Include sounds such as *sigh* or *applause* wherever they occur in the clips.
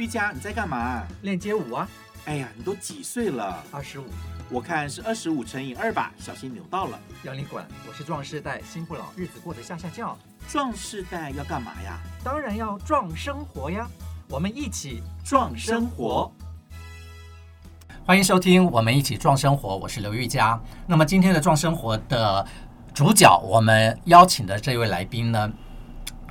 玉佳，你在幹嘛？練街舞啊！哎呀，你都幾歲了？二十五。我看是二十五乘以二吧，小心扭到了。要你管！我是壯世代，心不老，日子過得下下叫。壯世代要幹嘛呀？當然要壯生活呀！我們一起壯生活。歡迎收聽《我們一起壯生活》，我是劉玉佳。那麼今天的《壯生活》的主角，我們邀請的這位來賓呢，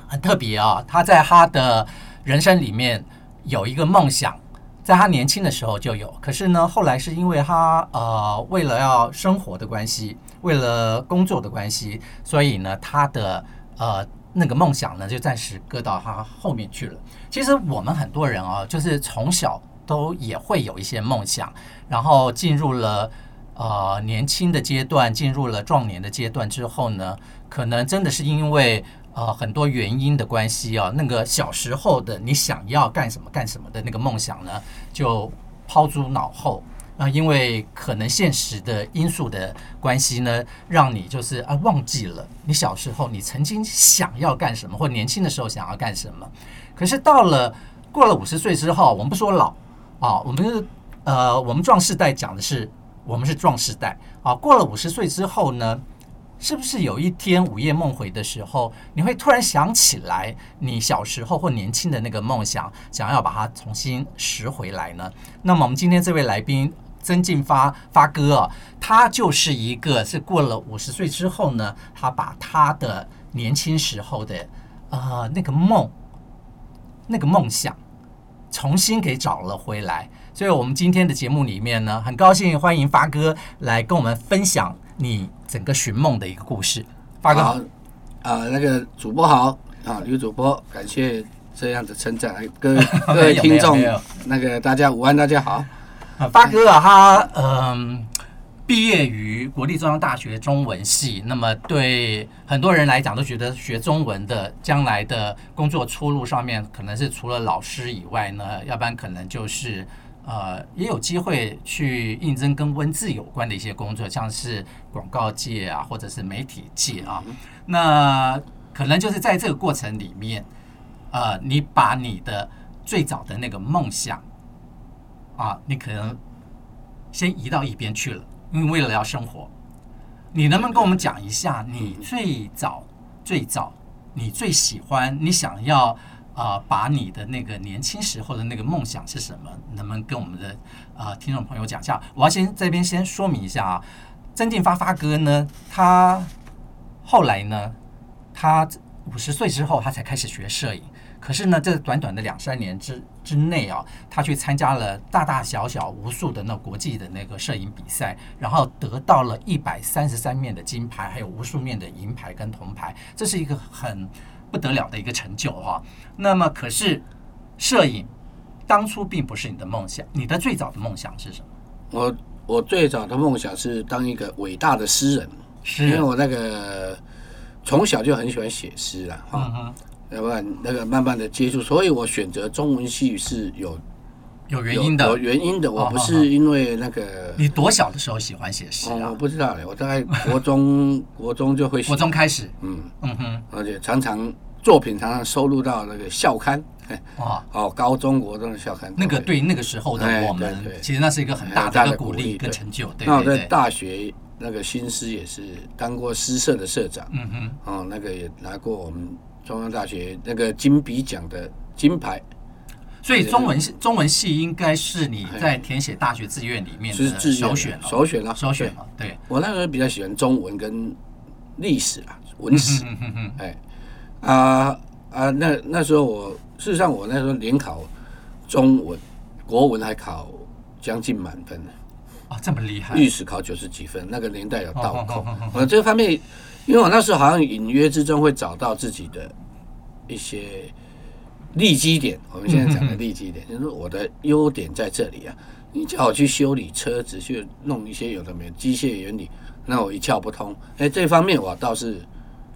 很特別啊！他在他的人生裡面。有一個夢想，在他年輕的時候就有。可是呢，後來是因為他呃，為了要生活的關係，為了工作的關係，所以呢，他的呃那個夢想呢，就暫時擱到他後面去了。其實我們很多人啊，就是從小都也會有一些夢想，然後進入了呃年輕的階段，進入了壯年的階段之後呢，可能真的是因為。呃，很多原因的關係啊，那個小時候的你想要幹什麼幹什麼的那個夢想呢，就拋諸腦後啊，因為可能現實的因素的關係呢，讓你就是啊忘記了你小時候你曾經想要幹什麼，或年輕的時候想要幹什麼。可是到了過了五十歲之後，我們不說老啊，我們呃，我們壯世代講的是我們是壯世代啊，過了五十歲之後呢？是不是有一天午夜夢回的時候，你會突然想起來你小時候或年輕的那個夢想，想要把它重新拾回來呢？那麼我們今天這位來賓曾進發發哥啊，他就是一個是過了五十歲之後呢，他把他的年輕時候的啊、呃、那個夢，那個夢想重新給找了回來。所以，我們今天的節目裡面呢，很高興歡迎發哥來跟我們分享你。整個尋夢的一個故事。發哥好，啊、呃，那個主播好啊，劉主播，感謝這樣的稱讚，各位各位聽眾， *laughs* 那個大家午安，大家好。發哥啊，他嗯、呃，畢業於國立中央大學中文系，那麼對很多人來講都覺得學中文的將來的工作出路上面，可能是除了老師以外呢，要不然可能就是。呃，也有機會去應徵跟文字有關的一些工作，像是廣告界啊，或者是媒體界啊。那可能就是在這個過程裡面，呃，你把你的最早的那個夢想啊，你可能先移到一邊去了，因為為了要生活。你能不能跟我們講一下，你最早、最早，你最喜歡、你想要？啊、呃，把你的那個年輕時候的那個夢想是什麼？能不能跟我們的啊、呃、聽眾朋友講一下？我要先這邊先說明一下啊，曾進發發哥呢，他後來呢，他五十歲之後他才開始學攝影，可是呢，這短短的兩三年之之內啊，他去參加了大大小小無數的那國際的那個攝影比賽，然後得到了一百三十三面的金牌，還有無數面的銀牌跟銅牌，這是一個很。不得了的一個成就哈，那麼可是攝影當初並不是你的夢想，你的最早的夢想是什麼？我我最早的夢想是當一個偉大的詩人，是因為我那個從小就很喜歡寫詩啦、嗯、啊。哈，要不然那個慢慢的接觸，所以我選擇中文系是有。有原因的，有原因的，我不是因為那個。Oh, oh, oh. 你多小的時候喜歡寫詩啊、嗯？我不知道嘞，我在國中， *laughs* 國中就會寫，國中開始，嗯嗯哼，而且常常作品常常收錄到那個校刊，oh. 哦，高中國中的校刊，那個對那個時候的我們，其實那是一個很大的鼓勵跟成就對對對。那我在大學那個新詩也是當過詩社的社長，嗯哼，哦，那個也拿過我們中央大學那個金筆獎的金牌。嗯所以中文系、中文系應該是你在填寫大學志願裡面的首選了，是的，首選啊，首選啊！對，對，對我那時候比較喜歡中文跟歷史啊，文史、嗯哼哼哼嗯、哼哼哎啊啊、呃呃！那那時候我事實上我那時候聯考中文國文還考將近滿分呢啊、哦，這麼厲害！歷史考九十幾分，那個年代有倒扣。我、哦哦哦哦、這個方面，因為我那時候好像隱約之中會找到自己的一些。利基點，我們現在講的利基點，就、嗯、是我的優點在這裡啊。你叫我去修理車子，去弄一些有的沒有機械原理，那我一竅不通。哎，這方面我倒是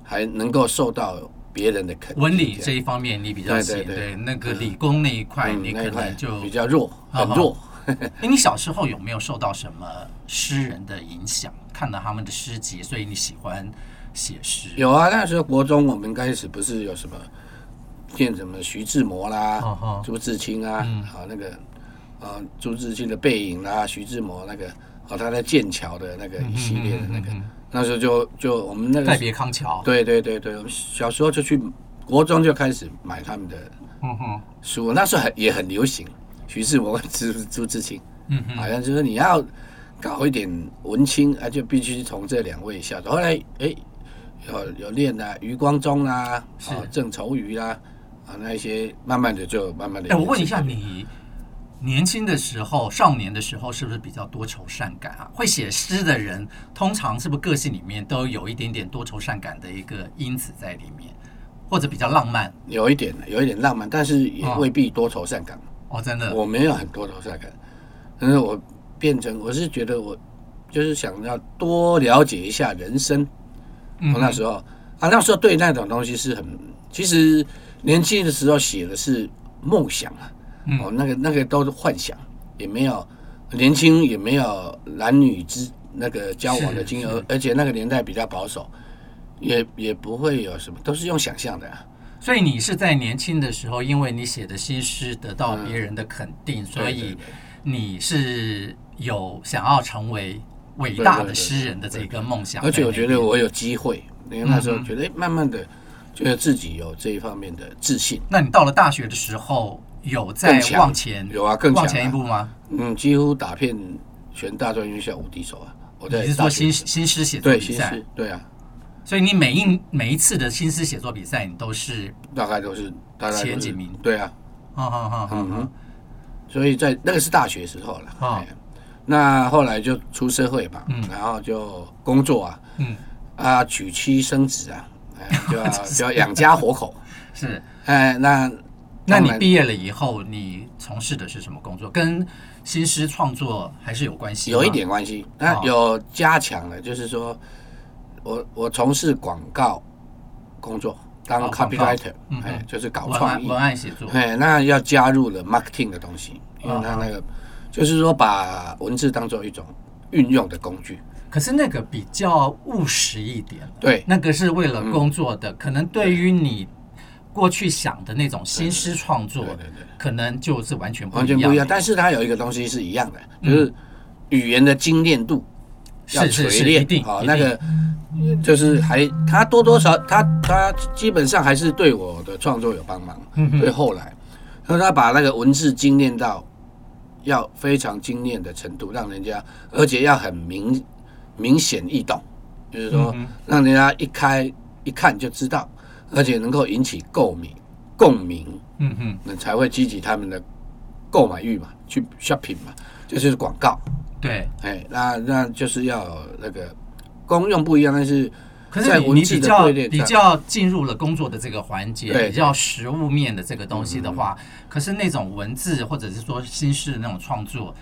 還能夠受到別人的肯定。文理，這一方面你比較喜歡，對，對，對，對那個理工那一塊你可能就那一比較弱，很弱哦哦呵呵。哎，你小時候有沒有受到什麼詩人的影響？嗯、看到他們的詩集，所以你喜歡寫詩？有啊，那時候國中我們開始不是有什麼。念什麼？徐志摩啦，哦哦、朱自清啊，好、嗯啊、那個、啊、朱自清的背影啦、啊，徐志摩那個和、啊、他在劍橋的那個一系列的那個，嗯嗯嗯、那時候就就我們那個《再別康橋》。對對對對，小時候就去國中就開始買他們的書，嗯、那時候很也很流行。徐志摩朱、嗯、朱朱自清，嗯，好像就是你要搞一點文青，啊，就必須從這兩位下手。後來哎、欸，有有練的、啊、余光中啦、啊，啊，鄭愁予啦、啊。啊，那一些慢慢的就慢慢的。哎、欸，我問一下你，年輕的時候、少年的時候，是不是比較多愁善感啊？會寫詩的人，通常是不是個性裡面都有一點點多愁善感的一個因子在裡面，或者比較浪漫？有一點，有一點浪漫，但是也未必多愁善感。哦，哦真的，我沒有很多愁善感，但是我變成我是覺得我就是想要多了解一下人生。嗯、我那時候啊，那時候對那種東西是很其實。年輕的時候寫的是夢想啊，哦，那個那個都是幻想，也沒有年輕，也沒有男女之那個交往的經驗，而且那個年代比較保守，也也不會有什麼，都是用想象的、啊。所以你是在年輕的時候，因為你寫的新詩得到別人的肯定，嗯、所以你是有想要成為偉大的詩人的這個夢想，對對對對對對。而且我覺得我有機會，因為那時候覺得嗯嗯、欸、慢慢的。覺得自己有這一方面的自信。那你到了大學的時候，有在往前有啊，更啊往前一步嗎？嗯，幾乎打遍全大專院校無敵手啊！我在你是說新新詩寫作比賽？對新詩，對啊。所以你每一每一次的新詩寫作比賽，你都是大概都是大概前幾名？對啊，嗯嗯嗯嗯，所以在那個是大學時候了，哦。那後來就出社會吧，嗯，然後就工作啊，嗯啊，娶妻生子啊。 *laughs* 哎、就要就要養家活口， *laughs* 是哎，那那你畢業了以後、嗯，你從事的是什麼工作？跟新詩創作還是有關係？有一點關係，那、哦、有加強了。就是說我我從事廣告工作，當 copywriter，、哦嗯、哎，就是搞創意文、文案寫作。哎，那要加入了 marketing 的東西，因為它那個、嗯、就是說，把文字當做一種運用的工具。可是那個比較務實一點，對，那個是為了工作的，嗯、可能對於你過去想的那種新詩創作，對對對，對對，可能就是完全不一樣，不一樣、欸。但是它有一個東西是一樣的，嗯、就是語言的精煉度要錘煉啊。那個就是還他多多少他他，嗯、基本上還是對我的創作有幫忙。嗯，所以後來，他把那個文字精煉到要非常精煉的程度，讓人家，嗯、而且要很明。明顯易懂，就是說，讓人家一開一看就知道，嗯、而且能夠引起共鳴、共鳴，嗯哼，那才會激起他們的購買慾嘛，去 shopping 嘛，就是廣告。對，哎、欸，那那就是要有那個功用不一樣，但是在文字可是你，你比較比較進入了工作的這個環節，比較實務面的這個東西的話，嗯、可是那種文字或者是說新詩的那種創作。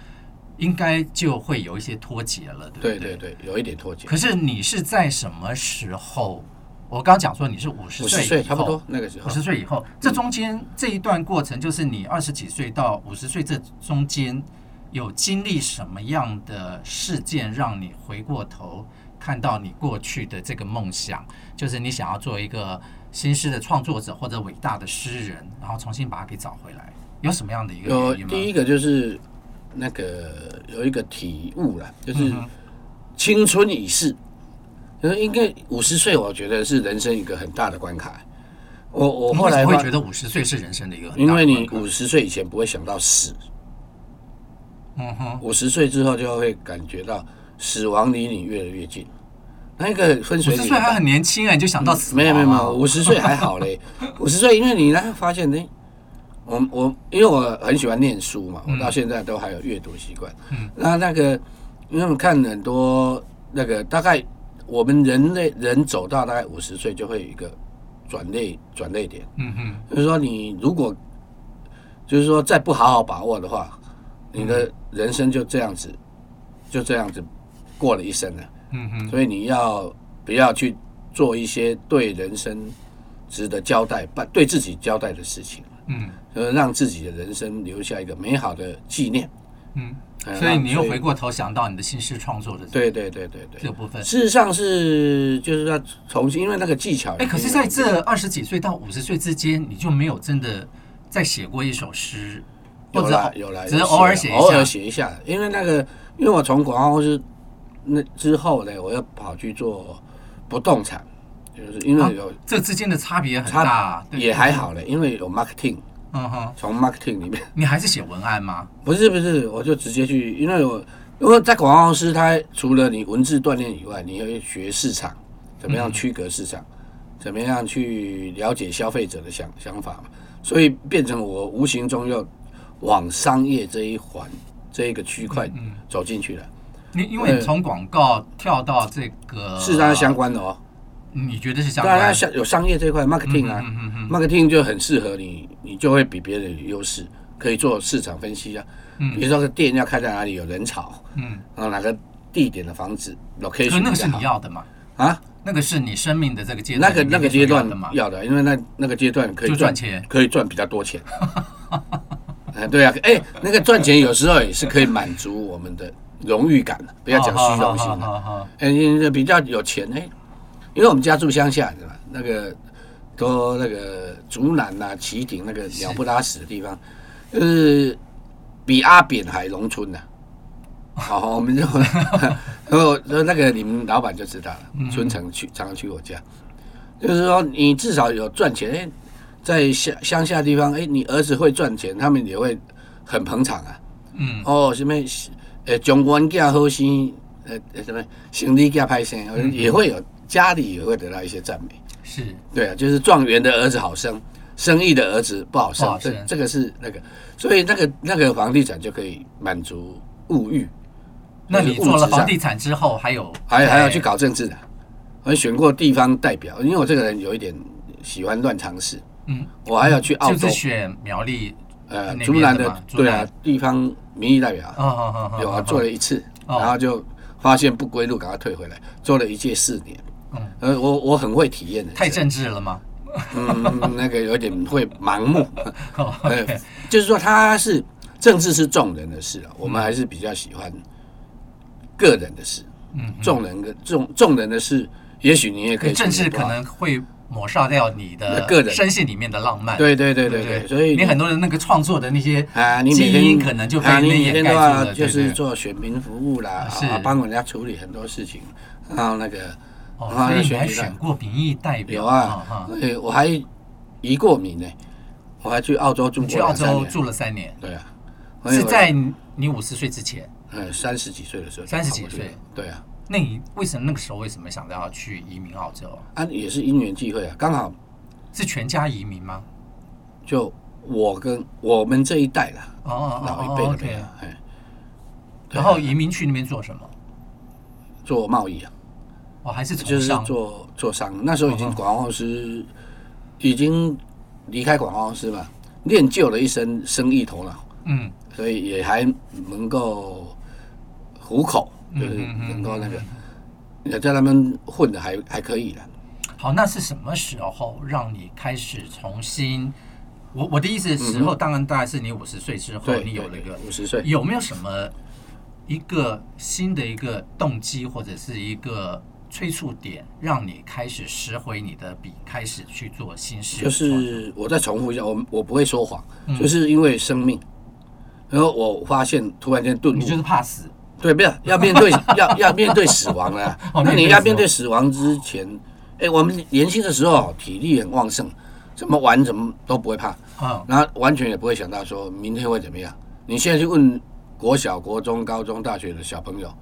應該就會有一些脫節了，對不對？對，對，對，有一點脫節。可是你是在什麼時候？我剛剛講說你是五十歲以後，五十歲差不多那個時候。五十歲以後，這中間、嗯、這一段過程，就是你二十幾歲到五十歲這中間，有經歷什麼樣的事件，讓你回過頭看到你過去的這個夢想，就是你想要做一個新詩的創作者或者偉大的詩人，然後重新把它給找回來，有什麼樣的一個原因嗎？第一個就是。那個有一個體悟啦，就是青春已逝，應該五十歲，我覺得是人生一個很大的關卡。我我後來會覺得五十歲是人生的一個的，因為你五十歲以前不會想到死，嗯哼，五十歲之後就會感覺到死亡離你越來越近。那個分水嶺五十歲還很年輕哎、欸，你就想到死，啊嗯，沒有沒有沒，沒有，五十歲還好嘞，五 *laughs* 十歲因為你呢發現呢。我我因為我很喜歡念書嘛，我到現在都還有閱讀習慣。嗯，那那個，因為我看很多那個，大概我們人類人走到大概五十歲就會有一個轉捩轉捩點。嗯嗯，就是說你如果就是說再不好好把握的話，你的人生就這樣子就這樣子過了一生了。嗯嗯，所以你要不要去做一些對人生值得交代、把對自己交代的事情？嗯。呃，讓自己的人生留下一個美好的紀念。嗯,嗯、啊，所以你又回過頭想到你的新詩創作的，對對對對對，這個、部分事實上是就是要重新，因為那個技巧。哎、欸，可是在這二十幾歲到五十歲之間，你就沒有真的在寫過一首詩？或者有來，只是偶爾寫，偶爾寫一,一下。因為那個，因為我從廣告公司那之後呢，我又跑去做不動產，就是因為有、啊、這之間的差別很大、啊對，也還好了，因為有 marketing。嗯哼，從 marketing 裡面，你還是寫文案嗎？不是不是，我就直接去，因為我因為在廣告公司，它除了你文字鍛鍊以外，你又要學市場，怎麼樣區隔市場，怎麼樣去了解消費者的想想法嘛，所以變成我無形中又往商業這一環，這一個區塊走進去了。你因為從廣告跳到這個，市場相關的哦。你覺得是商？對啊，商有商業這一塊，marketing 啊、嗯、哼哼哼，marketing 就很適合你，你就會比別人有優勢，可以做市場分析啊。嗯、比如說，店要開在哪裡，有人潮。嗯，然後哪個地點的房子 location？、嗯、那個是你要的嘛？啊，那個是你生命的這個階那個那個階段的嘛？要的，因為那那個階段可以賺錢，可以賺比較多錢。哎、 *laughs* 啊，對啊，哎、欸，那個賺錢有時候也是可以滿足我們的榮譽感， *laughs* 不要講虛榮心了。哎，比較有錢哎。欸因為我們家住鄉下，對吧？那個，都那個竹南啊崎頂那個鳥不拉屎的地方，就是比阿扁還農村好、啊、好、 *laughs* 哦、我們就， *laughs* 哦，那那個你們老板就知道了、嗯。春、嗯、城去常常去我家，就是說你至少有賺錢、欸。在鄉鄉下地方，哎，你兒子會賺錢，他們也會很捧場啊、嗯。哦，什麼？哎，長官家好、欸、是是生，哎哎什麼？行李家拍攝、嗯嗯、也會有。家裡也會得到一些讚美，是對啊，就是狀元的兒子好生，生意的兒子不好生，這這個是那個，所以那個那個房地產就可以滿足物慾。那你做了房地產之後，還、就是產之後還，還有還還要去搞政治的，我選過地方代表，因為我這個人有一點喜歡亂嘗試，嗯，我還要去澳洲就是選苗栗呃竹南的竹南對啊地方民意代表，嗯啊嗯。有做了一次、哦，然後就發現不歸路、哦，趕快退回來，做了一屆四年。嗯，呃，我我很會體驗的。太政治了嗎？ *laughs* 嗯，那個有點會盲目。 *laughs* Oh, okay. 呃、就是說他是政治是眾人的事啊、嗯，我們還是比較喜歡個人的事。嗯，眾、嗯、人的眾眾人的事，也許你也可以。政治可能會抹殺掉你的個人生性裡面的浪漫、那個。對對對對對，對對對所以你，你很多人那個創作的那些啊，你基因可能就啊，你每天、啊、的話就是做選民服務啦，啊，幫人、就是啊、人家處理很多事情，嗯、然後那個。哦、所以你還選過民意代表？有啊，哎、啊欸，我還移過民呢、欸，我還去澳洲住，中國去澳洲住了三年，三年。對啊，是在你五十歲之前。嗯，三十幾歲的時候。三十幾歲。對啊，那你為什麼那個時候為什麼想到要去移民澳洲？啊，也是因緣際會啊，剛好是全家移民嗎？就我跟我們這一代的，哦，哦老一輩的、哦 okay 欸，對啊，然後移民去那邊做什麼？做貿易啊。我、哦、還是、就是、做做商，那時候已經廣告師，哦、已經離開廣告公司嘛，練就了一身生意頭腦，嗯，所以也還能夠糊口，對、就是能夠那個，也、嗯嗯嗯嗯、在那邊混的還還可以啦。好，那是什麼時候讓你開始重新？我我的意思，時候、嗯、當然大概是你五十歲之後對對對，你有了一個五十歲，有沒有什麼一個新的一個動機或者是一個？催促點，讓你開始拾回你的筆，開始去做新事。就是我再重複一下，我我不會說謊、嗯，就是因為生命，然後我發現突然間頓。你就是怕死。對，不要要面對 *laughs* 要要面對死亡了、啊。 *laughs* 那你要面對死亡之前，哎、 *laughs* 欸，我們年輕的時候體力很旺盛，怎麼玩怎麼都不會怕。嗯，然後完全也不會想到說明天會怎麼樣。你現在去問國小、國中、高中、大學的小朋友。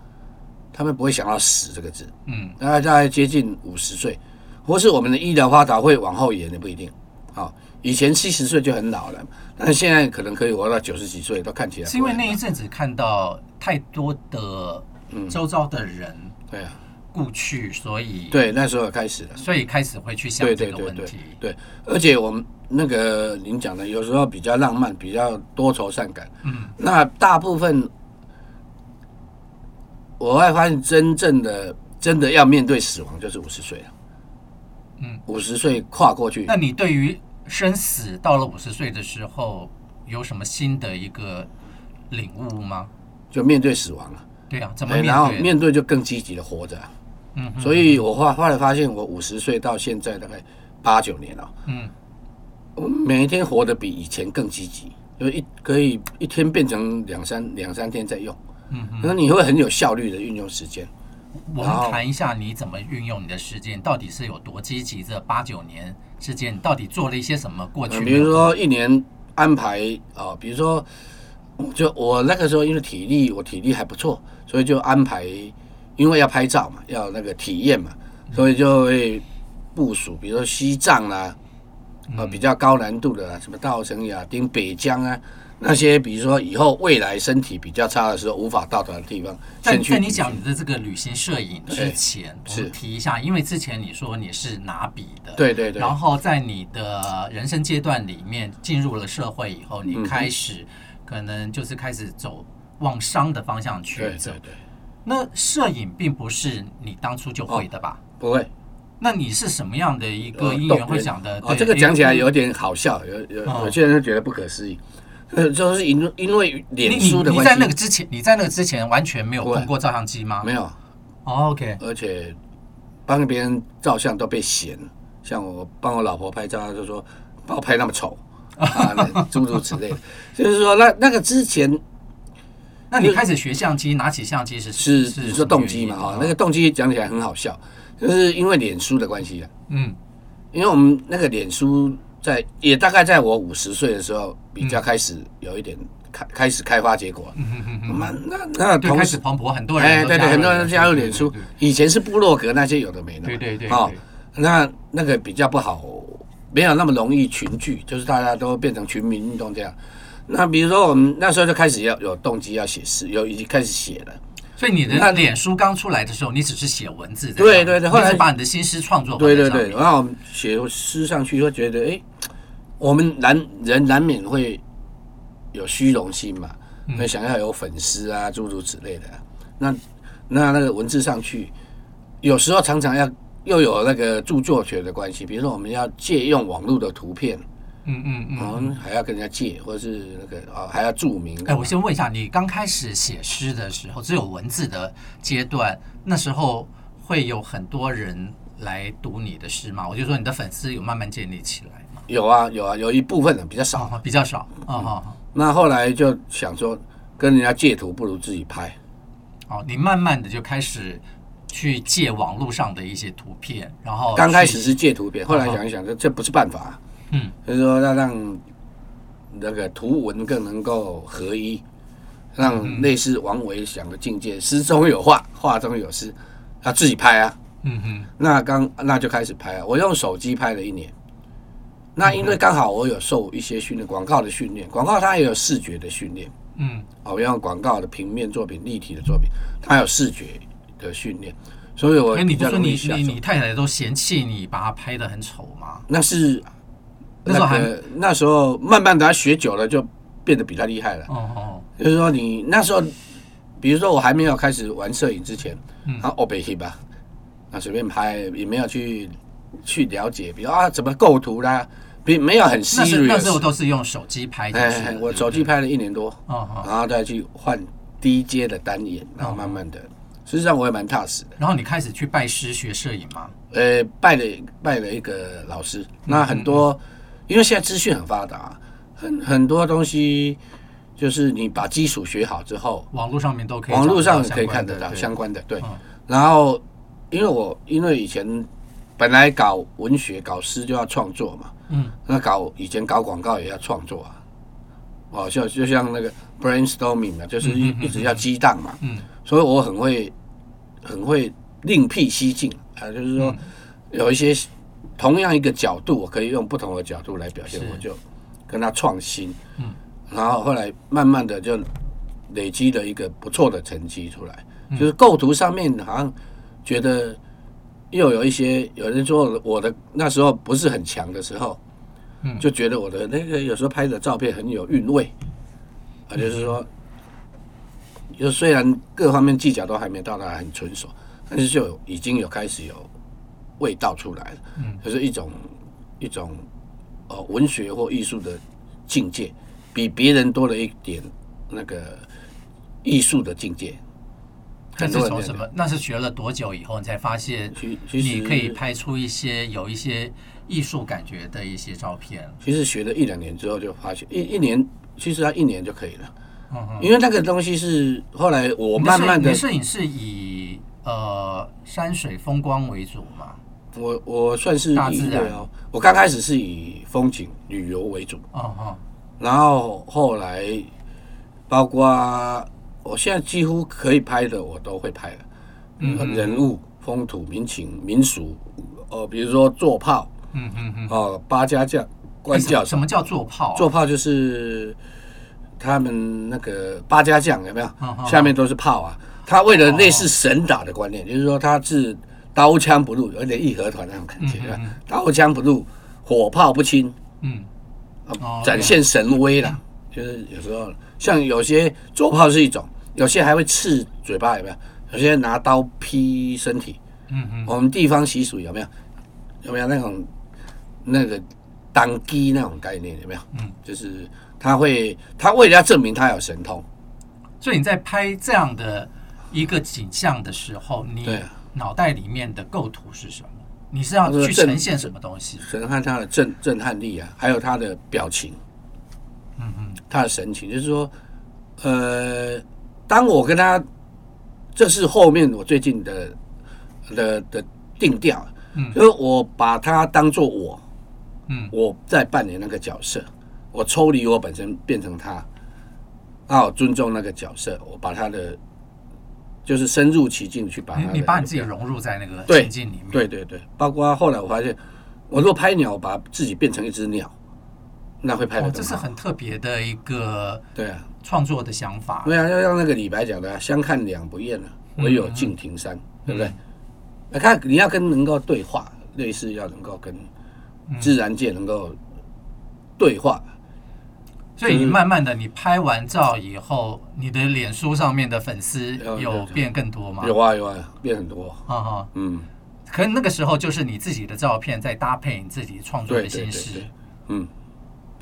他們不會想到死這個字，嗯，大概，大概接近五十歲，或是我們的醫療發達會往後延，也不一定。好，哦，以前七十歲就很老了，但是現在可能可以活到九十幾歲，都看起來。是因為那一陣子看到太多的周遭的人故、嗯、對過、啊、去，所以對那時候開始了，所以開始會去想對對對對這個問題，對，而且我們那個您講的有時候比較浪漫，比較多愁善感，嗯，那大部分。我後來發現，真正的，真的要面對死亡，就是五十歲了。嗯，五十歲跨過去。那你對於生死到了五十歲的時候，有什麼新的一個領悟嗎？就面對死亡了。對呀，啊，怎麼面對，欸、然後面對就更積極的活着，啊。嗯哼哼哼，所以我發，後來發現我五十歲到現在的大概八九年了。嗯，我每一天活得比以前更積極，就一可以一天變成兩三兩三天在用。嗯，那你會很有效率的運用時間。我們談一下，你怎麼運用你的時間，到底是有多積極？這八九年之間，你到底做了一些什麼？過去、呃，比如說一年安排啊、呃，比如說，就我那個時候因為體力，我體力還不錯，所以就安排，因為要拍照嘛，要那個體驗嘛，所以就會部署，比如說西藏啊，嗯、呃，比較高難度的、啊，什麼稻城亞丁、北疆啊。那些比如說以後未來身體比較差的時候無法到達的地方。在在你講你的這個旅行攝影之前、欸，我們提一下，因為之前你說你是拿筆的，對對對、對，然後在你的人生階段裡面進入了社會以後，你開始可能就是開始走往商的方向去。對對對、對。那攝影並不是你當初就會的吧？哦、不會。那你是什麼樣的一個因緣會想的？哦，這個講起來有點好笑，有有有些人覺得不可思議、哦。就是因因為臉書的關係。你，你在那個之前，你在那個之前完全沒有碰過照相機嗎、啊？沒有。Oh, OK。而且幫別人照相都被嫌，像我幫我老婆拍照就說：“我拍那麼醜 *laughs* 啊，諸如此類。”就是說那，那那個之前、 *laughs* 就是，那你開始學相機，拿起相機是是說動機嘛？哈，那個動機講起來很好笑，就是因為臉書的關係、啊。嗯，因為我們那個臉書。在也大概在我五十歲的時候，比較開始有一點開開始開花結果，那那那開始蓬勃，很多人哎對對，很多人都加入臉書。以前是部落格那些有的沒的，對對對，哦，那那個比較不好，沒有那麼容易群聚，就是大家都變成全民運動這樣。那比如說我們那時候就開始要有動機要寫詩，有已經開始寫了。所以你的那臉書剛出來的時候，你只是寫文字，對對對，後來你把你的新詩創作。對對對，然後寫詩上去會覺得，哎、欸，我們難人難免會有虛榮心嘛，那、嗯、想要有粉絲啊，諸如此類的、啊。那那那個文字上去，有時候常常要又有那個著作權的關係，比如說我們要借用網絡的圖片。嗯嗯嗯，還要跟人家借，或是那個啊、哦，還要注明。哎、欸，我先問一下，你剛開始寫詩的時候，只有文字的階段，那時候會有很多人來讀你的詩嗎？我就說你的粉絲有慢慢建立起來嗎？有啊，有啊，有一部分的，比較少、哦，比較少。啊、哦、哈、哦，那後來就想說，跟人家借圖不如自己拍。哦，你慢慢的就開始去借網絡上的一些圖片，然後剛開始是借圖片，後來想一想，這、哦、這不是辦法。嗯，就是說，要讓那個圖文更能夠合一，讓類似王維想的境界，詩中有畫，畫中有詩。他自己拍啊，嗯哼，那剛那就開始拍啊。我用手機拍了一年，那因為剛好我有受一些訓練，廣告的訓練，廣告它也有視覺的訓練，嗯，哦，用廣告的平面作品、立體的作品，它有視覺的訓練，所以我跟、哎、你不說你你你，你太太都嫌棄你把它拍得很醜嗎？那是。那候個那時候還，那時候慢慢的學久了，就變得比較厲害了。哦哦，就是說你那時候，比如說我還沒有開始玩攝影之前，mm -hmm. 啊，OBEH 吧，那隨便拍，也沒有去去了解，比如啊，怎麼構圖啦、啊，比沒有很那。那時候都是用手機拍。的、欸，我手機拍了一年多，oh, oh. 然後再去換低 j 的單眼，然後慢慢的，oh. 實際上我也蠻踏實。的，然後你開始去拜師學攝影嗎？呃、欸，拜了拜了一個老師，mm -hmm. 那很多。因為現在資訊很發達、啊，很很多東西，就是你把基礎學好之後，網絡上面都可以，網絡上可以看得到相關的，對，對，對，的對，哦。然後，因為我因為以前本來搞文學、搞詩就要創作嘛，嗯，那搞以前搞廣告也要創作啊，哦，就就像那個 brainstorming 嘛，就是一一直要激盪嘛，嗯，嗯，嗯，嗯，嗯，所以我很會很會另闢蹊徑啊，就是說有一些。嗯同樣一個角度，我可以用不同的角度來表現，我就跟他創新。嗯，然後後來慢慢的就累積了一個不錯的成績出來，嗯。就是構圖上面好像覺得又有一些，有人說我的那時候不是很強的時候，嗯，就覺得我的那個有時候拍的照片很有韻味，啊，嗯，就是說，嗯，就雖然各方面技巧都還沒到達很純熟，但是就已經有開始有。味道出來，嗯，就是一種一種，呃，文學或藝術的境界，比別人多了一點那個藝術的境界。但是從什麼？那是學了多久以後你才發現？其實你可以拍出一些有一些藝術感覺的一些照片。其實學了一兩年之後就發現，一一年其實要一年就可以了。嗯嗯。因為那個東西是後來我慢慢的，你的攝影是以呃山水風光為主嘛。我我算是以、啊、我剛開始是以風景旅遊為主，uh -huh. 然後後來包括我現在幾乎可以拍的，我都會拍了。嗯、mm -hmm. 人物、風土民情、民俗，哦、呃，比如說坐炮，嗯嗯哦，八家將、官將，什麼叫做炮、啊？坐炮就是他們那個八家將有沒有？Uh、-huh -huh. 下面都是炮啊，他為了類似神打的觀念，uh、-huh -huh. 就是說他是。刀槍不入，有點義和團那種感覺，對吧？嗯、哼哼，刀槍不入，火炮不侵，嗯、呃，展現神威了、嗯。就是有時候像有些坐炮是一種，有些還會刺嘴巴有沒有？有些拿刀劈身體，嗯嗯。我們地方習俗有沒有？有沒有那種那個當機那種概念有沒有？嗯，就是他會他為了要證明他有神通，所以你在拍這樣的一個景象的時候，你。對腦袋裡面的構圖是什麼？你是要去呈現什麼東西？呈現他的震震撼力啊，還有他的表情，嗯嗯，他的神情，就是說，呃，當我跟他，這是後面我最近的的的的定調，嗯，就是我把他當做我，嗯，我在扮演那個角色，嗯，我抽離我本身變成他，啊，尊重那個角色，我把他的。就是深入其境去把它，你你把你自己融入在那個情境裡面，對對對、對，包括後來我發現，我如果拍鳥，把自己變成一隻鳥，那會拍的。這是很特別的一個對啊創作的想法。對啊，要讓那個李白講的“相看兩不厭”啊，唯有敬亭山，對不對？你看，你要跟能夠對話，類似要能夠跟自然界能夠對話。所以你慢慢的，你拍完照以後，你的臉書上面的粉絲有變更多嗎？有，對對有啊有啊，變很多。哈哈，嗯，可那個時候就是你自己的照片在搭配你自己創作的新詩，對對對對嗯，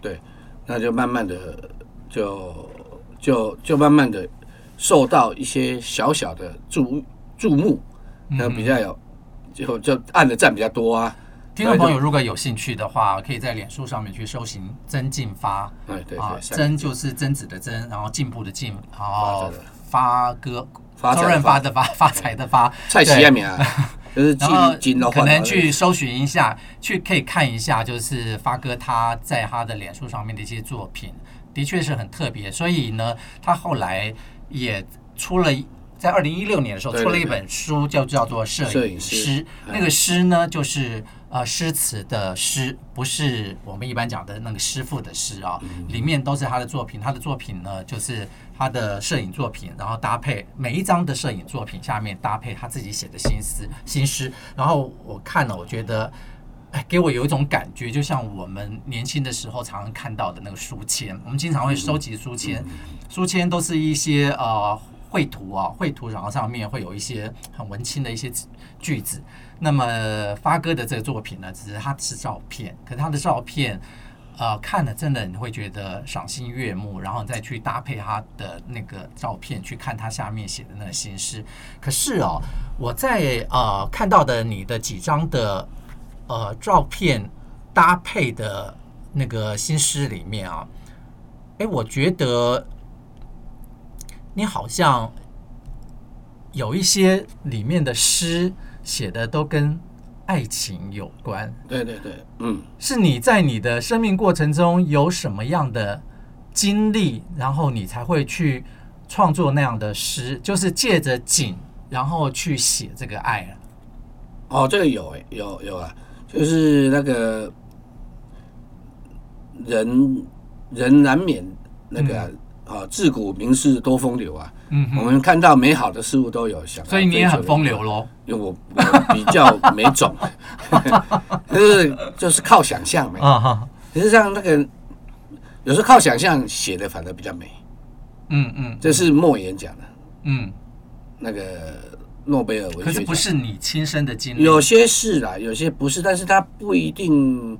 對，那就慢慢的就就就慢慢的受到一些小小的注注目，那比較有，就、就按的讚比較多啊。聽眾朋友，如果有興趣的話，可以在臉書上面去搜尋曾進發。對對，曾就是曾子的曾，然後進步的進，然後發哥周潤發的發，發財的發。蔡徐坤，然後可能去搜尋一下，去可以看一下，就是發哥他在他的臉書上面的一些作品，的確是很特別。所以呢，他後來也出了，在二零一六年的時候出了一本書，就叫做《攝影詩》。那個詩呢，就是。呃，詩詞的詩不是我們一般講的那個師傅的詩啊，裡面都是他的作品。他的作品呢，就是他的攝影作品，然後搭配每一張的攝影作品下面搭配他自己寫的新詩。新詩。然後我看了，我覺得，哎，給我有一種感覺，就像我們年輕的時候常常看到的那個書籤，我們經常會收集書籤，書籤都是一些呃繪圖啊，繪圖然後上面會有一些很文青的一些句子。那麼發哥的這個作品呢，只是他是照片，可他的照片，呃，看了真的你會覺得賞心悅目，然後再去搭配他的那個照片去看他下面寫的那個新詩。可是哦，我在呃看到的你的幾張的呃照片搭配的那個新詩裡面啊，哎、欸，我覺得你好像有一些裡面的詩。寫的都跟愛情有關，對對對，嗯，是你在你的生命過程中有什麼樣的經歷，然後你才會去創作那樣的詩，就是借着景，然後去寫這個愛？哦，這個有、欸、有有啊，就是那個人人難免那個、啊。嗯啊，自古名士多風流啊、嗯！我們看到美好的事物都有想，所以你也很風流嘍。因為我，我比較沒種，就 *laughs* *laughs* 是就是靠想象嘛。啊、哈其實際上、那個，有時候靠想象寫的，反而比較美。嗯嗯，嗯，這是莫言講的。嗯，那個諾貝爾文學，可是不是你親身的經歷？有些是啦、啊，有些不是，但是它不一定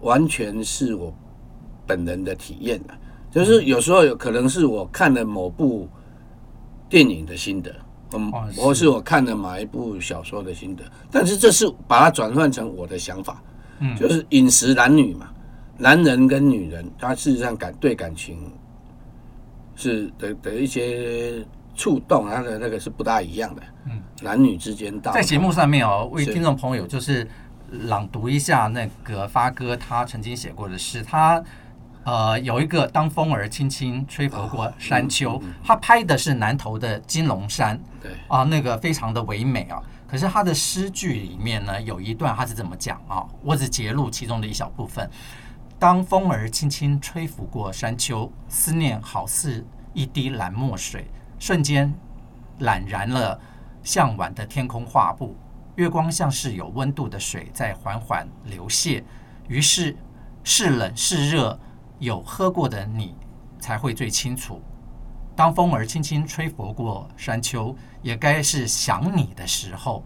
完全是我本人的體驗的、啊。就是有時候有可能是我看了某部電影的心得，嗯，或是我看了某一部小說的心得，哦、是但是這是把它轉換成我的想法，嗯、就是飲食男女嘛，男人跟女人，他事實上感對感情是的的一些觸動，他的那個是不大一樣的，嗯、男女之間到在節目上面哦，為聽眾朋友就是朗讀一下那個發哥他曾經寫過的詩，他。呃，有一個當風兒輕輕吹拂過山丘，啊嗯嗯嗯，他拍的是南投的金龍山。對啊，那個非常的唯美啊。可是他的詩句裡面呢，有一段他是怎麼講啊？我只截錄其中的一小部分：當風兒輕輕吹拂過山丘，思念好似一滴藍墨水，瞬間染染了向晚的天空畫布。月光像是有溫度的水，在緩緩流瀉。於是，是冷是熱。有喝過的你才會最清楚。當風兒輕輕吹拂過山丘，也該是想你的時候。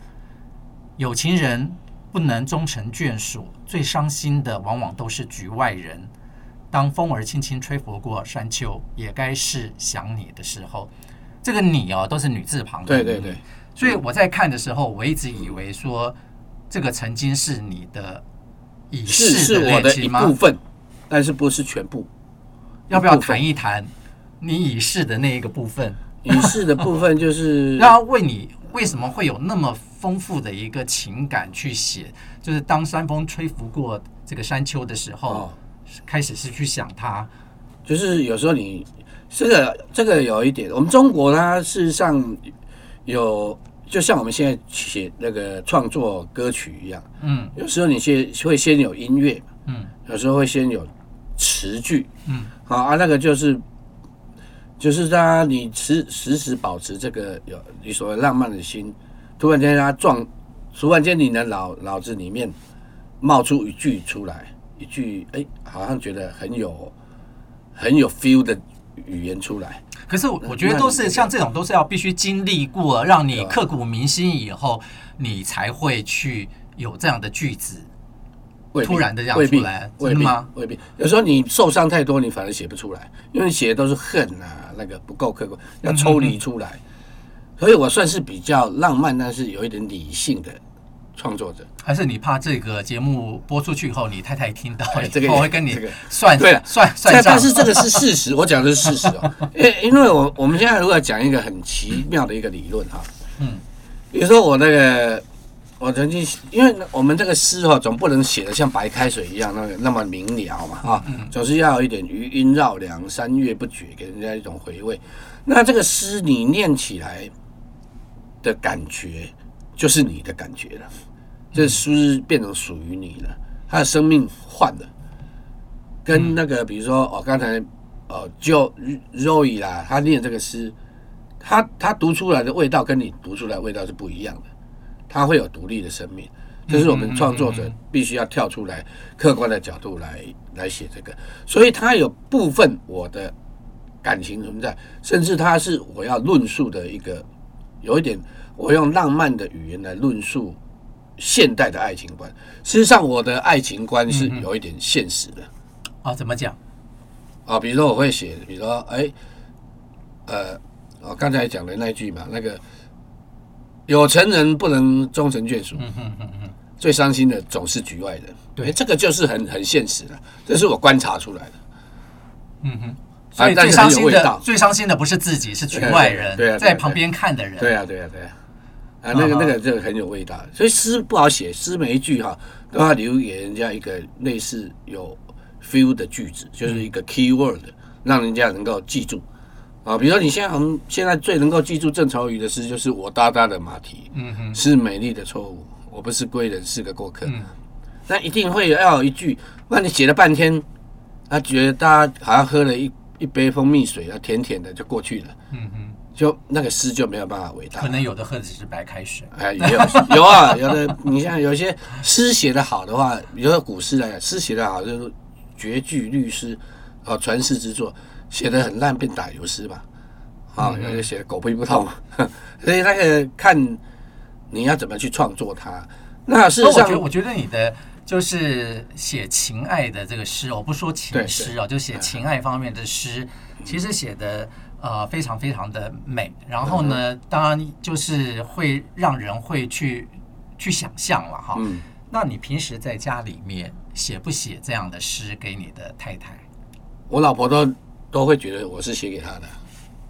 有情人不能終成眷屬，最傷心的往往都是局外人。當風兒輕輕吹拂過山丘，也該是想你的時候。這個你哦、啊，都是女字旁的。對對對。所以我在看的時候，我一直以為說這個曾經是你的已逝的愛情嗎？但是不是全部，部？要不要談一談你已逝的那一個部分？已逝的部分就是 *laughs* 那要問你為什麼會有那麼豐富的一個情感去寫？就是當山風吹拂過這個山丘的時候，哦，開始是去想他。就是有時候你這個這個有一點，我們中國呢，事實上有，就像我們現在寫那個創作歌曲一樣，嗯，有時候你先會先有音樂，嗯，有時候會先有。詞句，嗯，好啊，那個就是，就是讓，你持時時保持這個有你所謂浪漫的心，突然間讓他撞，突然間你的腦腦子裡面冒出一句出來，一句哎、欸，好像覺得很有很有 feel 的語言出來。可是我覺得都是像這種，都是要必須經歷過，讓你刻骨銘心以後、啊，你才會去有這樣的句子。突然的這樣出來是、嗯、嗎？未必，有時候你受傷太多，你反而寫不出來，因為寫的都是恨啊，那個不夠客觀，要抽離出來嗯嗯嗯。所以我算是比較浪漫，但是有一點理性的創作者。還是你怕這個節目播出去以後，你太太聽到、哎、這個？我會跟你這個算對了，算算。但是這個是事實， *laughs* 我講的是事實哦。因為因為我我們現在如果講一個很奇妙的一個理論哈，嗯，比如說我那個。我曾經，因為我們這個詩哈、哦，總不能寫的像白開水一樣，那個那麼明了嘛，啊、哦嗯，總是要有一點餘音繞梁，三月不絕，給人家一種回味。那這個詩你念起來的感覺，就是你的感覺了，嗯、這詩變成屬於你了，他的生命換了。跟那個比如說，哦，剛才哦，就 Roy 啦、啊，他念這個詩，他他讀出來的味道跟你讀出來的味道是不一樣的。他會有獨立的生命，這是我們創作者必須要跳出來客觀的角度來、嗯嗯嗯、來寫這個，所以他有部分我的感情存在，甚至他是我要論述的一個有一點，我用浪漫的語言來論述現代的愛情觀。事實上，我的愛情觀是有一點現實的、嗯嗯嗯。啊，怎麼講？啊，比如說我會寫，比如說，哎，呃，我剛才講的那句嘛，那個。有情人不能終成眷屬，最傷心的總是局外人。對，這個就是很很現實了，這是我觀察出來的。嗯哼，所以最傷心的，啊、最傷心的不是自己，是局外人。對啊，在旁邊看的人。對啊，對啊，啊、對啊。啊，那個那個這個很有味道。所以詩不好寫，詩每一句哈都要留給人家一個類似有 feel 的句子，就是一個 key word，讓人家能夠記住。啊，比如說你現在我們現在最能夠記住鄭愁予的詩，就是我達達的馬蹄，嗯哼，是美麗的錯誤，我不是歸人，是個過客。嗯，那一定會要有一句，那你寫了半天，他、啊、覺得大家好像喝了一一杯蜂蜜水，啊，甜甜的就過去了。嗯嗯，就那個詩就沒有辦法偉大。可能有的喝的是白開水。哎、啊，有 *laughs* 有啊，有的你像有些詩寫的好的話，比如說古詩來講，詩寫的好就是絕句、律詩，啊，傳世之作。寫的很爛，便打油詩吧。oh, yeah. 嗯，啊，有些寫的狗屁不通，所以那個看你要怎麼去創作它。那是我，我覺得你的就是寫情愛的這個詩，我不說情詩哦，喔，就寫情愛方面的詩，嗯，其實寫的呃非常非常的美。然後呢，嗯、當然就是會讓人會去去想象了哈。那你平時在家裡面寫不寫這樣的詩給你的太太？我老婆都都會覺得我是寫給他的，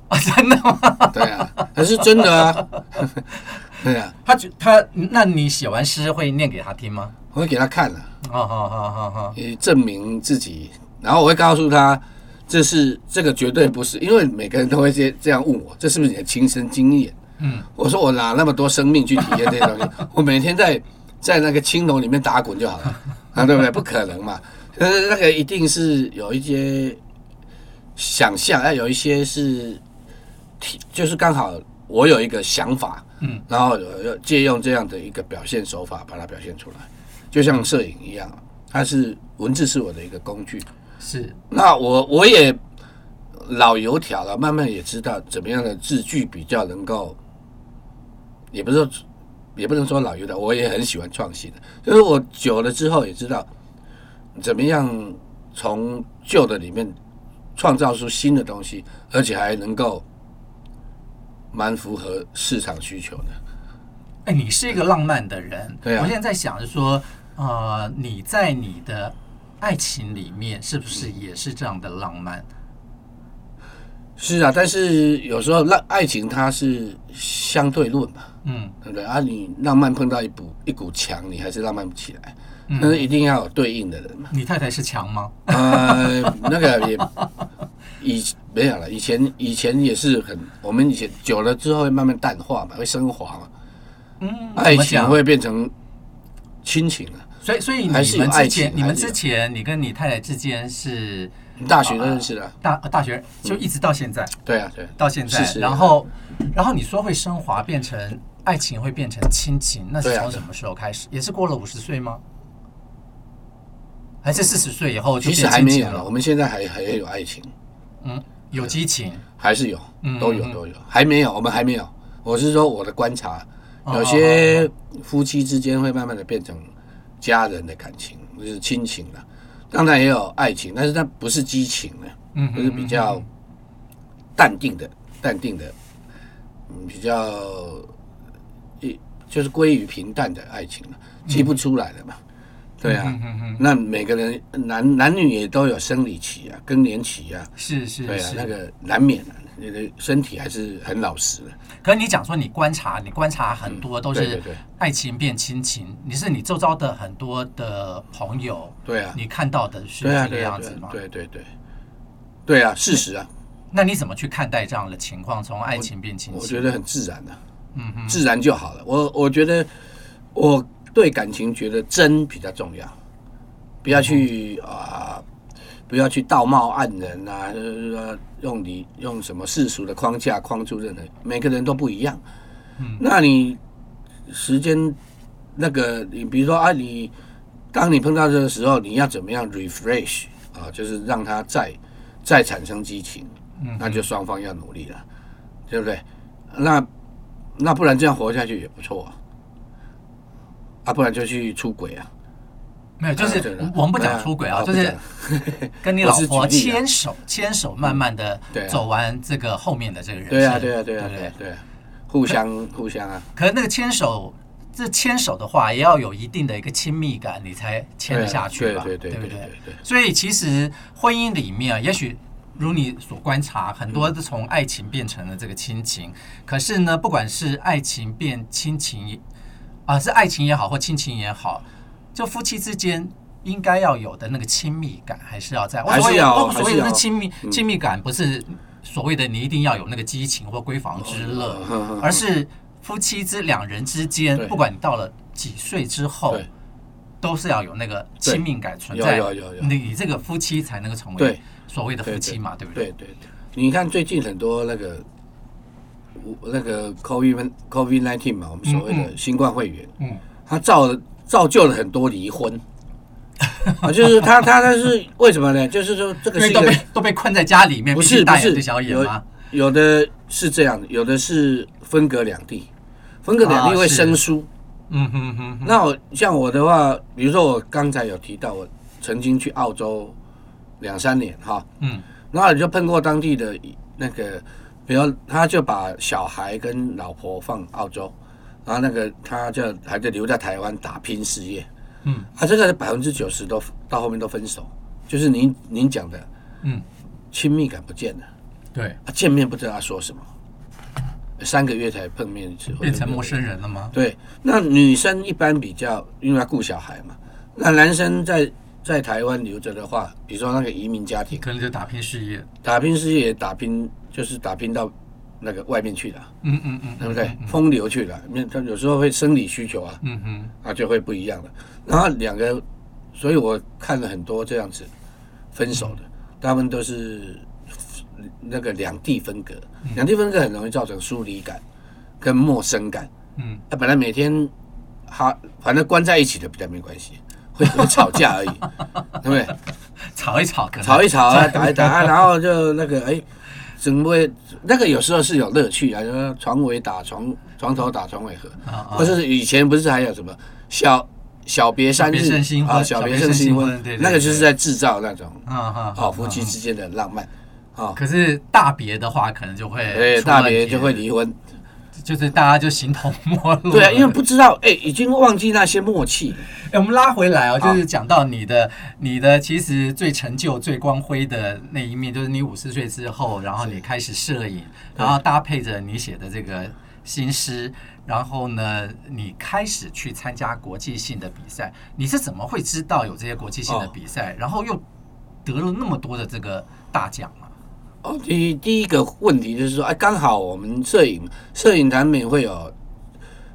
啊，真的嗎？對啊，還是真的啊， *laughs* *laughs* 對啊。他覺他，那你寫完詩會唸給他聽嗎？我會給他看了、啊，啊好好好好你證明自己，然後我會告訴他，這是這個絕對不是，因為每個人都會這樣問我，這是不是你的親身經驗？嗯，我說我拿那麼多生命去體驗這些東西， *laughs* 我每天在在那個青樓裡面打滾就好了 *laughs* 啊，對不對？不可能嘛，呃，那個一定是有一些。想象哎、啊，有一些是，就是剛好我有一個想法，嗯，然後借用這樣的一個表現手法把它表現出來，就像攝影一樣，它是文字是我的一個工具，是。那我我也老油條了，慢慢也知道怎麼樣的字句比較能夠，也不是說也不能說老油條，我也很喜歡創新的，就是我久了之後也知道怎麼樣從舊的裡面。創造出新的東西，而且還能夠蠻符合市場需求的。哎、欸，你是一個浪漫的人，嗯對啊、我現在在想，就說呃，你在你的愛情裡面是不是也是這樣的浪漫？是啊，但是有時候，浪愛情它是相對論嘛，嗯，對不對？啊，你浪漫碰到一股一股牆，你還是浪漫不起來。那是一定要有對應的人。嗯、你太太是強嗎？呃，那個也以沒有了。以前以前也是很，我們以前久了之後會慢慢淡化嘛，會升華嘛。嗯，愛情會變成親情啊。所以所以你們愛情之前你們之前你跟你太太之間是大學都認識的，呃、大大學就一直到現在，嗯。對啊，對，到現在。然後然後你說會升華變成愛情，會變成親情，那是從什麼時候開始？啊、也是過了五十歲嗎？還是四十歲以後，其實還沒有了，我們現在還還有愛情，嗯，有激情是還是有，都有、嗯、都有，還沒有，我們還沒有。我是說我的觀察，有些夫妻之間會慢慢的變成家人的感情，就是親情了。當然也有愛情，嗯、但是它不是激情了，嗯哼嗯哼，就是比較淡定的，淡定的，嗯，比較一就是歸於平淡的愛情了，記不出來了嘛。嗯對啊、嗯哼哼，那每個人男男女也都有生理期啊，更年期啊，是是，對啊，那個難免、啊、你的身體還是很老實的。可是你講說你觀察，你觀察很多都是愛情變親情、嗯對對對，你是你周遭的很多的朋友，對啊，你看到的是這個樣子嗎？對對、啊、對，對啊，對啊，對啊，對啊對，事實啊。那你怎麼去看待這樣的情況？從愛情變親情，我，我覺得很自然的、啊，嗯哼，自然就好了。我我覺得我。對感情覺得真比較重要，不要去啊，不要去道貌岸然啊，用你用什麼世俗的框架框住任何，每個人都不一樣。嗯，那你時間那個，你比如說啊，你當你碰到這個時候，你要怎麼樣 refresh 啊？就是讓他再再產生激情，那就雙方要努力了，對不對？那那不然這樣活下去也不錯啊。他、啊、不然就去出軌啊？沒有，就是我們不講出軌啊,啊,、就是出軌啊，就是跟你老婆牽手，牽、 *laughs* 啊、手慢慢的走完這個後面的這個人生。對啊，對啊，對啊，對對,對,、啊對,啊對,啊對啊，互相互相啊。可是那個牽手，這牽手的話，也要有一定的一個親密感，你才牽得下去吧？對,啊、對,對,對,對,對,對,對對對對，所以其實婚姻裡面啊，也許如你所觀察，很多是從愛情變成了這個親情、嗯。可是呢，不管是愛情變親情。啊，是愛情也好，或親情也好，就夫妻之間應該要有的那個親密感，還是要在。還是要，所以，所謂那親密親密感不是所謂的你一定要有那個激情或閨房之樂，哦，而是夫妻之兩人之間，不管你到了幾歲之後，都是要有那個親密感存在，有有有有。你這個夫妻才能夠成為所謂的夫妻嘛，對，對，對，對不對？對，對對。你看最近很多那個。那個 COVID COVID nineteen 嘛，我們所謂的新冠會員，嗯，嗯他造造就了很多離婚，啊， *laughs* 就是他他他是為什麼呢？就是說這個事都被都被困在家裡面，不是大眼對小眼嗎？有？有的是這樣的，有的是分隔兩地，分隔兩地會生疏，啊、嗯哼，哼哼。那我像我的話，比如說我剛才有提到，我曾經去澳洲兩三年哈，嗯，然後你就碰過當地的那個。比如，他就把小孩跟老婆放澳洲，然後那個他就還在留在台灣打拼事業。嗯，啊，這個百分之九十都到後面都分手，就是您您講的，嗯，親密感不見了。對，啊、見面不知道他說什麼，三個月才碰面一次，變成陌生人了嗎？對，那女生一般比較，因為要顧小孩嘛，那男生在。嗯在台灣留着的話，比如說那個移民家庭，可能就打拼事業，打拼事業，打拼就是打拼到那個外面去了，嗯嗯嗯，對不對？風流去了，那他有時候會生理需求啊，嗯嗯，啊就會不一樣了。然後兩個，所以我看了很多這樣子分手的，他、嗯、們都是那個兩地分隔，兩、嗯、地分隔很容易造成疏離感跟陌生感，嗯，他本來每天他反正關在一起的比較沒關係。 *laughs* 會吵架而已，對不對？ *laughs* 吵一吵，吵一吵啊，打一打、啊、 *laughs* 然後就那個哎、欸，怎麼會？那個有時候是有樂趣啊，就是床尾打床床頭打床尾和，或是以前不是還有什麼小小別三日啊，小別勝新婚，那個就是在制造那種啊好夫妻之間的浪漫啊。可是大別的話，可能就會，對大別就會離婚。就是大家就形同陌路。對啊，因為不知道，哎、欸，已經忘記那些默契。哎、欸，我們拉回來啊，就是講到你的、oh. 你的，其實最成就、最光輝的那一面，就是你五十歲之後，然後你開始攝影，然後搭配着你寫的這個新詩，然後呢，你開始去參加國際性的比賽。你是怎麼會知道有這些國際性的比賽？Oh. 然後又得了那麼多的這個大獎啊？哦，第第一個問題就是說，哎，剛好我們攝影攝影產品會有，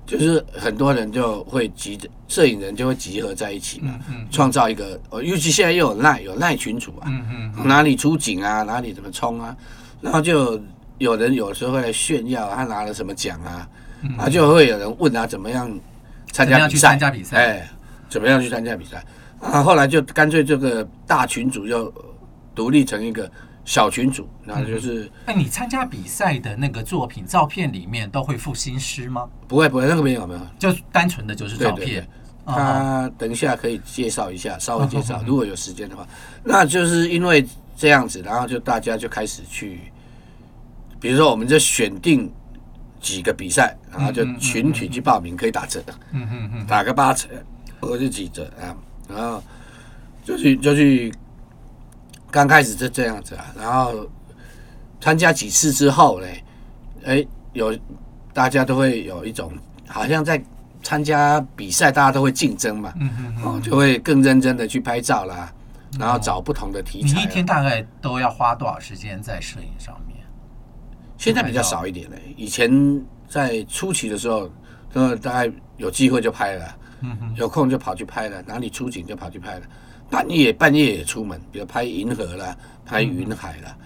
就是很多人就會集攝影人就會集合在一起嘛，創、嗯嗯、造一個、哦、尤其現在又有賴有賴群組啊，嗯嗯嗯、哪裡出景啊，哪裡怎麼衝啊，然後就有人有時候會來炫耀他拿了什麼獎啊，啊、嗯，就會有人問他、啊、怎麼樣參加比賽，哎，怎麼樣去參加比賽，啊、嗯，後，後來就乾脆這個大群組就獨立成一個。小群組，那就是哎，嗯啊、你參加比賽的那個作品照片裡面都會附新詩嗎？不會，不會，那個沒有沒有，就單純的就是照片對對對、哦。他等一下可以介紹一下，稍微介紹、嗯，如果有時間的話。那就是因為這樣子，然後就大家就開始去，比如說我們就選定幾個比賽，然後就群體去報名、嗯、哼哼哼可以打折的，嗯嗯嗯，打個八折或者幾折啊，然後就去就去。剛開始是這樣子啊，然後參加幾次之後呢，哎，有大家都會有一種好像在參加比賽，大家都會競爭嘛，哦，就會更認真的去拍照啦，然後找不同的題材，哦。你一天大概都要花多少時間在攝影上面？現在比較少一點嘞，以前在初期的時候，都大概有機會就拍了，有空就跑去拍了，哪裡出景就跑去拍了。半夜半夜也出門，比如拍銀河啦，拍雲海啦，嗯。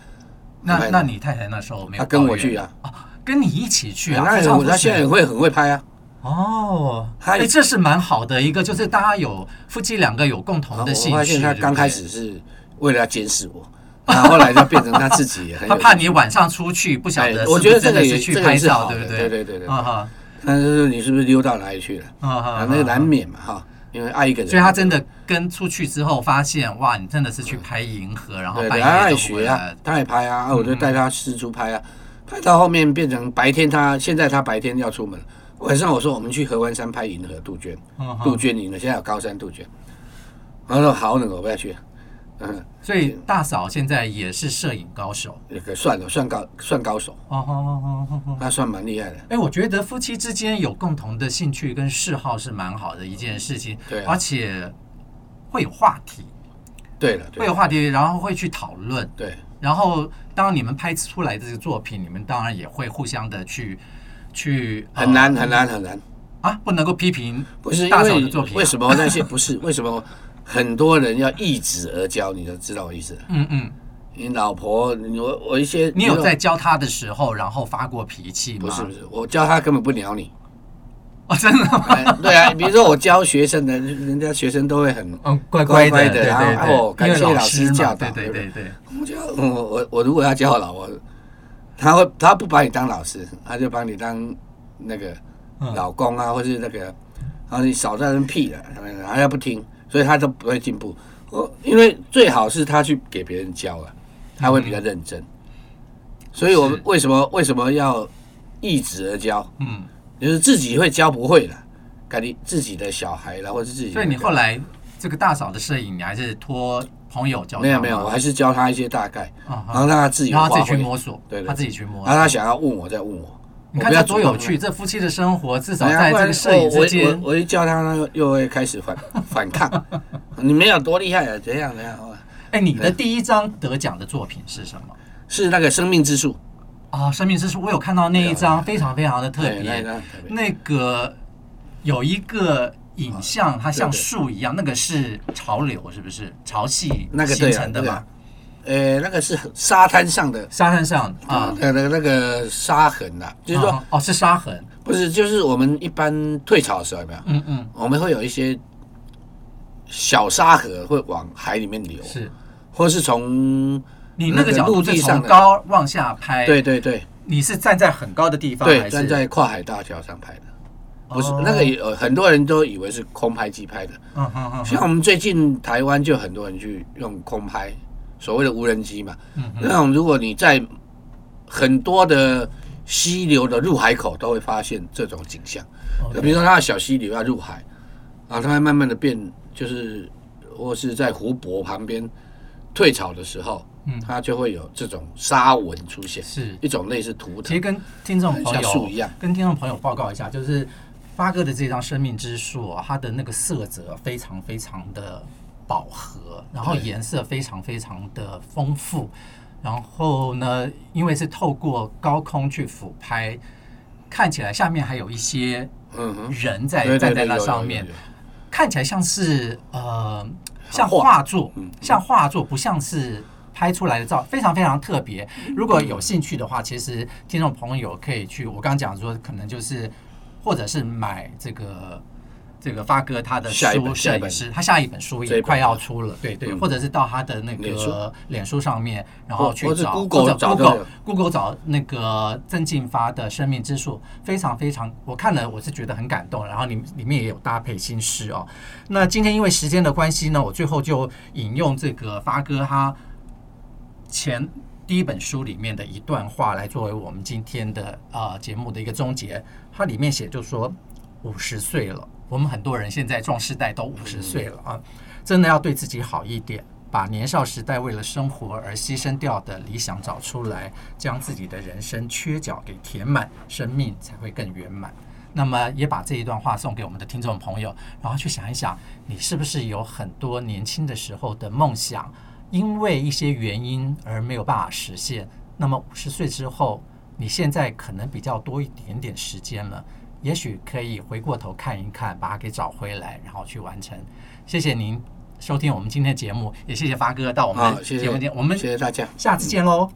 那那你太太那時候沒有？她跟我去啊。啊，跟你一起去啊。她，哎，她，哎、現在會很會拍啊。哦，哎，這是蠻好的一個，就是大家有，嗯、夫妻兩個有共同的興趣，啊。我發現她剛開始是為了要監視我， *laughs* 然後，後來就變成他自己也很。他怕你晚上出去不曉得是不是，哎，我覺得這個也是去拍照，這個，是對不對？對對對對，對、啊啊。但是你是不是溜到哪裡去了？啊，啊那個難免嘛，哈，啊。啊啊啊啊啊啊啊因為愛一個人，所以他真的跟出去之後，發現哇，你真的是去拍銀河。對，然後半夜都回來。對對。他愛學啊，他愛拍啊，啊，我就帶他四處拍啊、嗯。拍到後面變成白天他，他現在他白天要出門，晚上我說我們去合歡山拍銀河杜鵑，杜鵑銀、嗯、河現在有高山杜鵑。他說，好冷哦，不要去。嗯，所以大嫂現在也是攝影高手，也可以算了，算高，算高手哦，哦，哦，哦，那算蠻厲害的。哎、欸，我覺得夫妻之間有共同的興趣跟嗜好是蠻好的一件事情，嗯、對、啊，而且會有話題。對，對了，會有話題，然後會去討論，對。然後當你們拍出來的作品，你們當然也會互相的去去很、呃，很難，很難，很難啊，不能夠批評不是大嫂的作品、啊為，為什麼那些不是為什麼？ *laughs* 很多人要易子而教，你就知道我意思。嗯嗯，你老婆，我我一些，你有在教他的時候，然後發過脾氣嗎？不是不是，我教他根本不鳥你。哦，真的嗎？哎、對啊， *laughs* 比如說我教學生的，人家學生都會很嗯乖乖的，嗯、乖乖的然後對對對哦，感謝老師教導。對，對對對，我教我我我如果要教老婆，我他會他不把你當老師，他就把你當那個老公啊，嗯、或是那個啊你少在那邊屁了，他要不聽。所以他就不會進步，呃，因為最好是他去給別人教了、啊，他會比較認真。嗯、所以我們為什麼為什麼要易子而教？嗯，就是自己會教不會了，感覺自己的小孩了，或者自己。所以你後來這個大嫂的攝影，你還是托朋友教他？沒有沒有，我還是教他一些大概，然後讓他自己他自己去摸索，對，他自己去摸。然後他想要問我再問我。你看他多有趣！這夫妻的生活要至少在這個攝影之間。我，我，我，我一叫他又，又會開始反反抗。 *laughs* 你們有多厲害啊？怎樣怎樣？哎、欸，你的第一張得獎的作品是什麼？是那個生命之樹。啊、哦，生命之樹，我有看到那一張，非常非常的特別、啊啊啊那個、特別。那個有一個影像，啊、它像樹一樣、啊啊啊，那個是潮流，是不是？潮汐形成的嘛？呃、欸，那個是沙灘上的沙灘上的啊、嗯嗯呃，那個那個沙痕啊，就是說，哦，哦是沙痕，不是，就是我們一般退潮的時候，有沒有？嗯嗯，我們會有一些小沙河會往海裡面流，是，或是從你那個陸地上高往下拍，對對對，你是站在很高的地方，對，站在跨海大橋上拍的，不是、哦、那個也，很多人都以為是空拍機拍的，嗯嗯嗯，嗯，像我們最近台灣就很多人去用空拍。所謂的無人機嘛，嗯嗯、那如果你在很多的溪流的入海口，都會發現這種景象。哦、比如說，它的小溪流要入海，啊，它會慢慢的變，就是或是在湖泊旁邊退潮的時候，嗯，它就會有這種沙紋出現，是，一種類似圖騰。其實跟聽眾朋友樹一樣，跟聽眾朋友報告一下，就是發哥的這張生命之樹，它的那個色澤非常非常的。飽和，然後顏色非常非常的豐富，然後呢，因為是透過高空去俯拍，看起來下面還有一些人在、嗯、對對對，站在那上面，有有有有有看起來像是呃像畫作，像畫作、嗯、不像是拍出來的照，非常非常特別。如果有興趣的話，其實聽眾朋友可以去，我剛剛講說可能就是或者是買這個。這個發哥他的書，詩，他下一本書也快要出了，對對、嗯，或者是到他的那個臉書上面，然後去找，或者 Google，Google 找那個曾進發的《生命之樹》，非常非常，我看了，我是覺得很感動，然後裡裡面也有搭配新詩哦。那今天因為時間的關係呢，我最後就引用這個發哥他前第一本書裡面的一段話來作為我們今天的啊、呃、節目的一個終結。它裡面寫就說五十歲了。我們很多人現在壯世代都五十歲了啊，真的要對自己好一點，把年少時代為了生活而犧牲掉的理想找出來，將自己的人生缺角給填滿，生命才會更圓滿。那麼，也把這一段話送給我們的聽眾朋友，然後去想一想，你是不是有很多年輕的時候的夢想，因為一些原因而沒有辦法實現？那麼五十歲之後，你現在可能比較多一點點時間了。也許可以回過頭看一看，把它給找回來，然後去完成。謝謝您收聽我們今天的節目，也謝謝發哥到我們節目間，我們謝謝大家，下次見嘍。